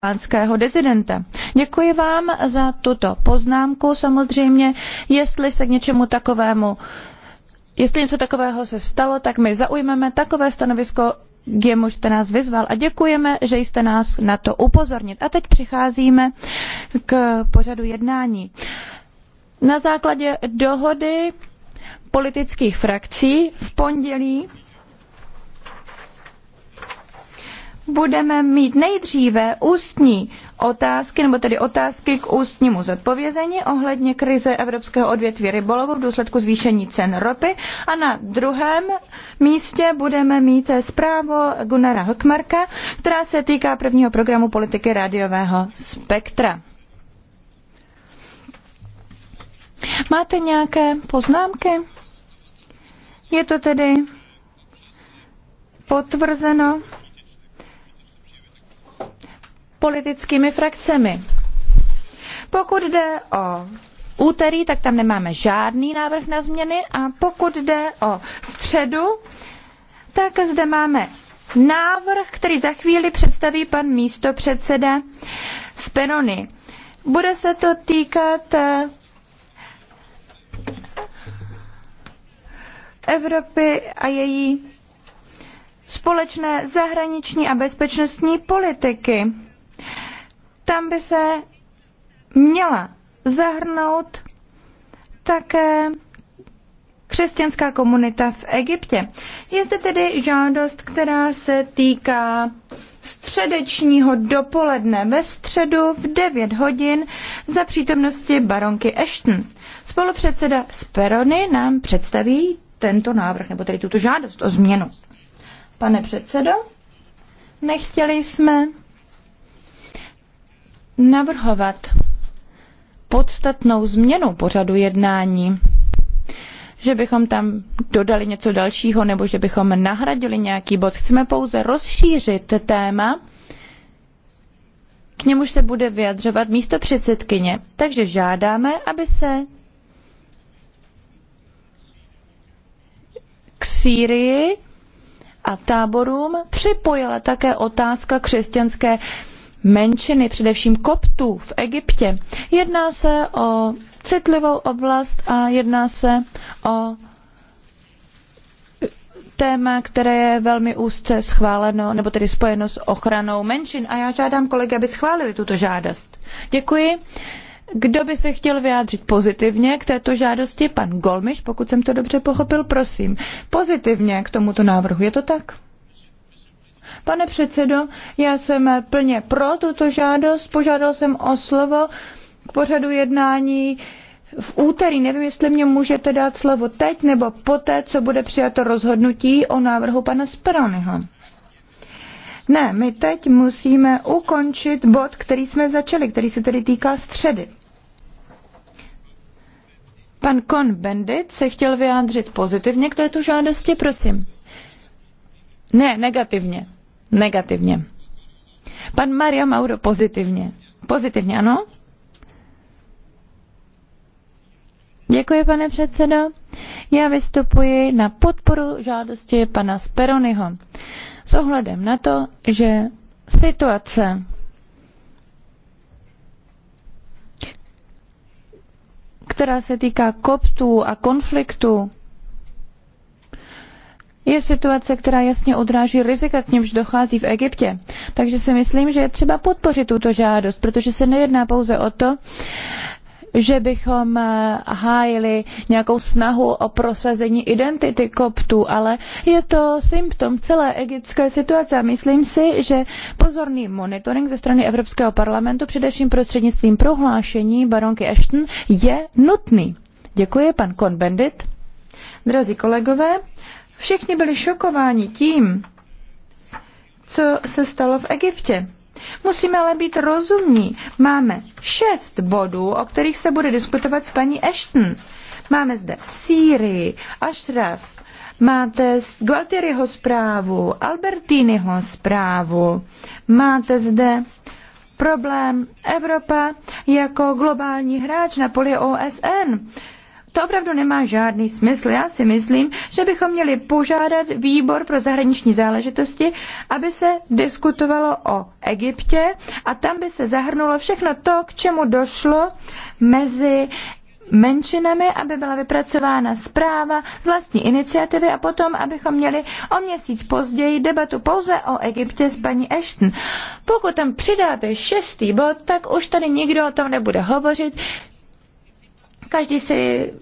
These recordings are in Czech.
pánského dezidenta. Děkuji vám za tuto poznámku. Samozřejmě, jestli se k něčemu takovému, jestli něco takového se stalo, tak my zaujmeme takové stanovisko, k jemu jste nás vyzval a děkujeme, že jste nás na to upozornit. A teď přicházíme k pořadu jednání. Na základě dohody politických frakcí v pondělí budeme mít nejdříve ústní otázky, nebo tedy otázky k ústnímu zodpovězení ohledně krize evropského odvětví rybolovu v důsledku zvýšení cen ropy. A na druhém místě budeme mít zprávu Gunnara Hockmarka, která se týká prvního programu politiky rádiového spektra. Máte nějaké poznámky? Je to tedy potvrzeno? politickými frakcemi. Pokud jde o úterý, tak tam nemáme žádný návrh na změny a pokud jde o středu, tak zde máme návrh, který za chvíli představí pan místopředseda Speroni, Bude se to týkat eh, Evropy a její společné zahraniční a bezpečnostní politiky. Tam by se měla zahrnout také křesťanská komunita v Egyptě. Je zde tedy žádost, která se týká středečního dopoledne ve středu v 9 hodin za přítomnosti baronky Ashton. Spolupředseda Sperony nám představí tento návrh, nebo tedy tuto žádost o změnu. Pane předsedo, nechtěli jsme navrhovat podstatnou změnu pořadu jednání, že bychom tam dodali něco dalšího nebo že bychom nahradili nějaký bod. Chceme pouze rozšířit téma, k němuž se bude vyjadřovat místo předsedkyně. Takže žádáme, aby se k Sýrii a táborům připojila také otázka křesťanské menšiny, především koptů v Egyptě. Jedná se o citlivou oblast a jedná se o téma, které je velmi úzce schváleno, nebo tedy spojeno s ochranou menšin. A já žádám kolegy, aby schválili tuto žádost. Děkuji. Kdo by se chtěl vyjádřit pozitivně k této žádosti? Pan Golmiš, pokud jsem to dobře pochopil, prosím. Pozitivně k tomuto návrhu, je to tak? Pane předsedo, já jsem plně pro tuto žádost. Požádal jsem o slovo k pořadu jednání v úterý. Nevím, jestli mě můžete dát slovo teď nebo poté, co bude přijato rozhodnutí o návrhu pana Speroniho. Ne, my teď musíme ukončit bod, který jsme začali, který se tedy týká středy. Pan Kon Bendit se chtěl vyjádřit pozitivně k této žádosti, prosím. Ne, negativně. Negativně. Pan Maria Mauro pozitivně. Pozitivně, ano? Děkuji, pane předsedo. Já vystupuji na podporu žádosti pana Speronyho. S ohledem na to, že situace, která se týká koptů a konfliktů je situace, která jasně odráží rizika, k němž dochází v Egyptě. Takže si myslím, že je třeba podpořit tuto žádost, protože se nejedná pouze o to, že bychom eh, hájili nějakou snahu o prosazení identity koptů, ale je to symptom celé egyptské situace a myslím si, že pozorný monitoring ze strany Evropského parlamentu, především prostřednictvím prohlášení baronky Ashton, je nutný. Děkuji, pan Kohn-Bendit. Drazí kolegové, Všichni byli šokováni tím, co se stalo v Egyptě. Musíme ale být rozumní. Máme šest bodů, o kterých se bude diskutovat s paní Ashton. Máme zde Sýrii, Ashraf, máte Gualtieriho zprávu, Albertiniho zprávu, máte zde problém Evropa jako globální hráč na poli OSN. To opravdu nemá žádný smysl. Já si myslím, že bychom měli požádat výbor pro zahraniční záležitosti, aby se diskutovalo o Egyptě a tam by se zahrnulo všechno to, k čemu došlo mezi menšinami, aby byla vypracována zpráva vlastní iniciativy a potom, abychom měli o měsíc později debatu pouze o Egyptě s paní Ashton. Pokud tam přidáte šestý bod, tak už tady nikdo o tom nebude hovořit, každý si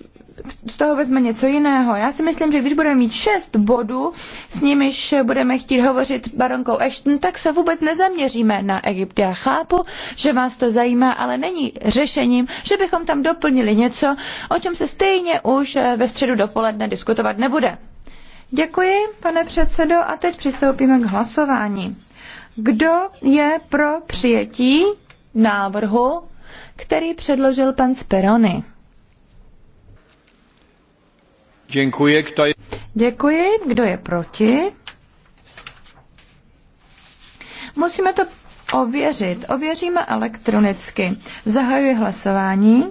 z toho vezme něco jiného. Já si myslím, že když budeme mít šest bodů, s nimiž budeme chtít hovořit s baronkou Ashton, tak se vůbec nezaměříme na Egypt. Já chápu, že vás to zajímá, ale není řešením, že bychom tam doplnili něco, o čem se stejně už ve středu dopoledne diskutovat nebude. Děkuji, pane předsedo, a teď přistoupíme k hlasování. Kdo je pro přijetí návrhu, který předložil pan Sperony? Děkuji. Kdo je, Děkuji. Kdo je proti? Musíme to ověřit. Ověříme elektronicky. Zahajuji hlasování.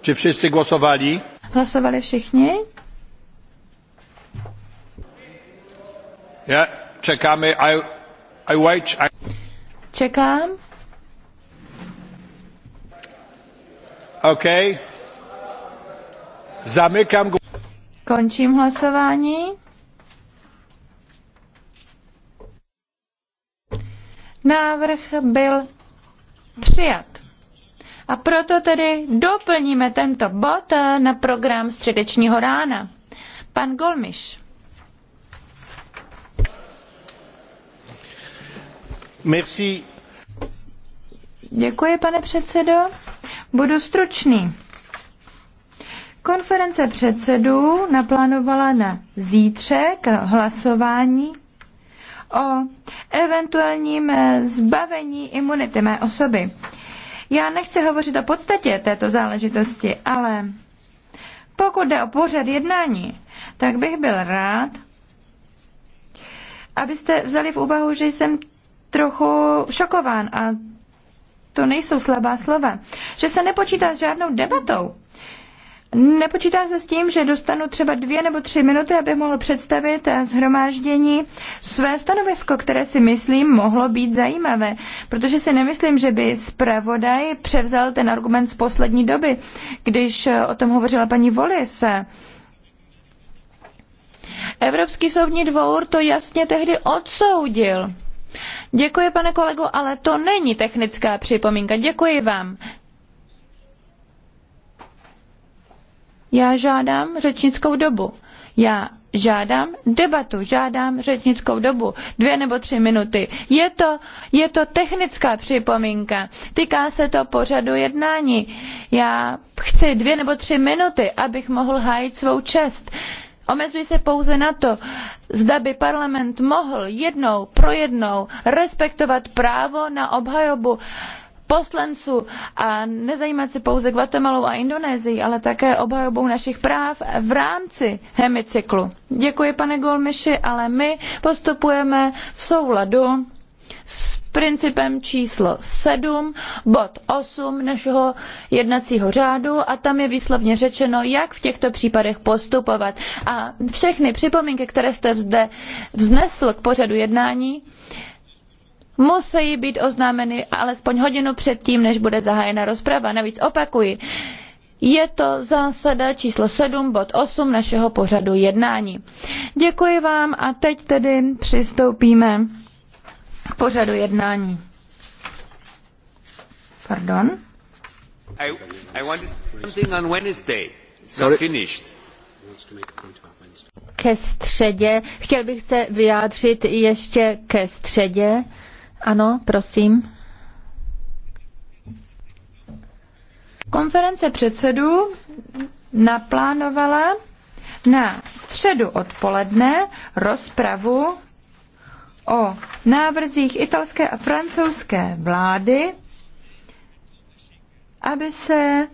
Či všichni hlasovali? Hlasovali všichni? Já čekám. I, I wait. I... Čekám. Okay. Končím hlasování. Návrh byl přijat. A proto tedy doplníme tento bod na program středečního rána. Pan Golmiš. Merci. Děkuji, pane předsedo. Budu stručný. Konference předsedů naplánovala na zítřek hlasování o eventuálním eh, zbavení imunity mé osoby. Já nechci hovořit o podstatě této záležitosti, ale pokud jde o pořad jednání, tak bych byl rád, abyste vzali v úvahu, že jsem trochu šokován a to nejsou slabá slova, že se nepočítá s žádnou debatou Nepočítá se s tím, že dostanu třeba dvě nebo tři minuty, abych mohl představit eh, hromáždění své stanovisko, které si myslím mohlo být zajímavé, protože si nemyslím, že by zpravodaj převzal ten argument z poslední doby, když eh, o tom hovořila paní Volise. Evropský soudní dvůr to jasně tehdy odsoudil. Děkuji, pane kolego, ale to není technická připomínka. Děkuji vám. Já žádám řečnickou dobu. Já žádám debatu, žádám řečnickou dobu, dvě nebo tři minuty. Je to, je to technická připomínka, týká se to pořadu jednání. Já chci dvě nebo tři minuty, abych mohl hájit svou čest. Omezuji se pouze na to, zda by parlament mohl jednou pro jednou respektovat právo na obhajobu poslanců a nezajímat se pouze Guatemalou a Indonésií, ale také obhajobou našich práv v rámci hemicyklu. Děkuji, pane Golmiši, ale my postupujeme v souladu s principem číslo 7, bod 8 našeho jednacího řádu a tam je výslovně řečeno, jak v těchto případech postupovat. A všechny připomínky, které jste zde vznesl k pořadu jednání, musí být oznámeny alespoň hodinu předtím, než bude zahájena rozprava. Navíc opakuji, je to zásada číslo 7, bod 8 našeho pořadu jednání. Děkuji vám a teď tedy přistoupíme k pořadu jednání. Pardon? I, I something on Wednesday. finished ke středě. Chtěl bych se vyjádřit ještě ke středě. Ano, prosím. Konference předsedů naplánovala na středu odpoledne rozpravu o návrzích italské a francouzské vlády, aby se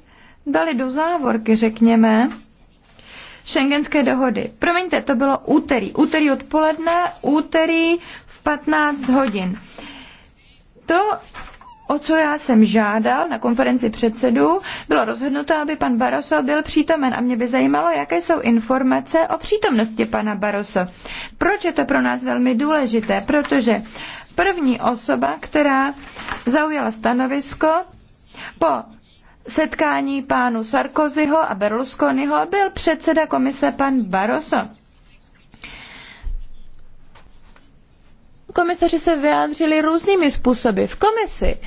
dali do závorky, řekněme, šengenské dohody. Promiňte, to bylo úterý. Úterý odpoledne, úterý v 15 hodin. To, o co já jsem žádal na konferenci předsedů, bylo rozhodnuto, aby pan Baroso byl přítomen a mě by zajímalo, jaké jsou informace o přítomnosti pana Baroso. Proč je to pro nás velmi důležité? Protože první osoba, která zaujala stanovisko po setkání pánu Sarkozyho a Berlusconiho, byl předseda komise pan Baroso. komisaři se vyjádřili různými způsoby. V komisi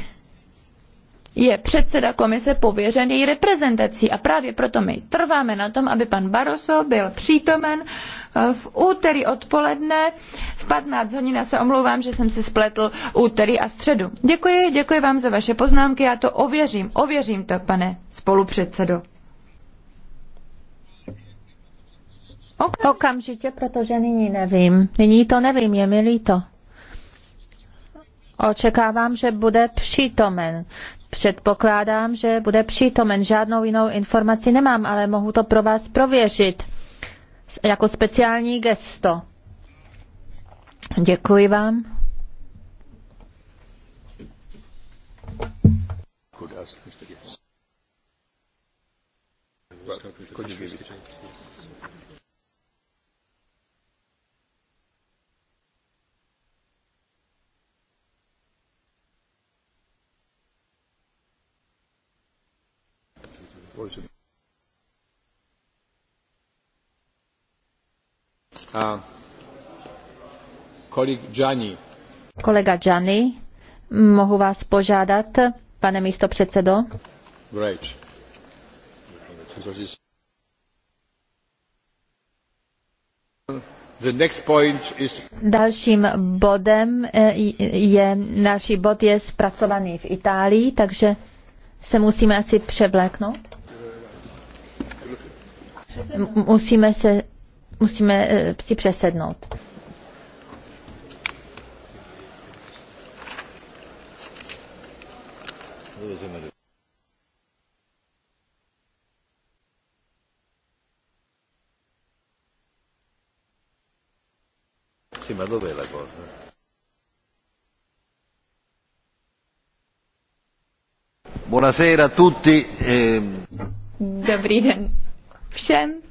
je předseda komise pověřen její reprezentací a právě proto my trváme na tom, aby pan Barroso byl přítomen eh, v úterý odpoledne v 15 hodin. Já se omlouvám, že jsem si spletl úterý a středu. Děkuji, děkuji vám za vaše poznámky, já to ověřím, ověřím to, pane spolupředsedo. Okamžitě, protože nyní nevím. Nyní to nevím, je mi líto. Očekávám, že bude přítomen. Předpokládám, že bude přítomen. Žádnou jinou informaci nemám, ale mohu to pro vás prověřit jako speciální gesto. Děkuji vám. Kolega Gianni, mohu vás požádat, pane místo předsedo? Great. Is... Dalším bodem e, je, náš bod je zpracovaný v Itálii, takže se musíme asi převléknout. Musíme se musíme eh, si přesednout. Sì, ma dov'è la cosa? Buonasera a tutti. Ehm. Dobrý den všem.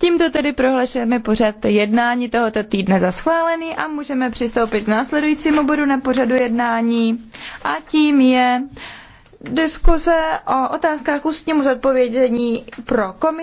Tímto tedy prohlašujeme pořad jednání tohoto týdne za schválený a můžeme přistoupit k následujícímu bodu na pořadu jednání a tím je diskuze o otázkách ústnímu zodpovědění pro komisi.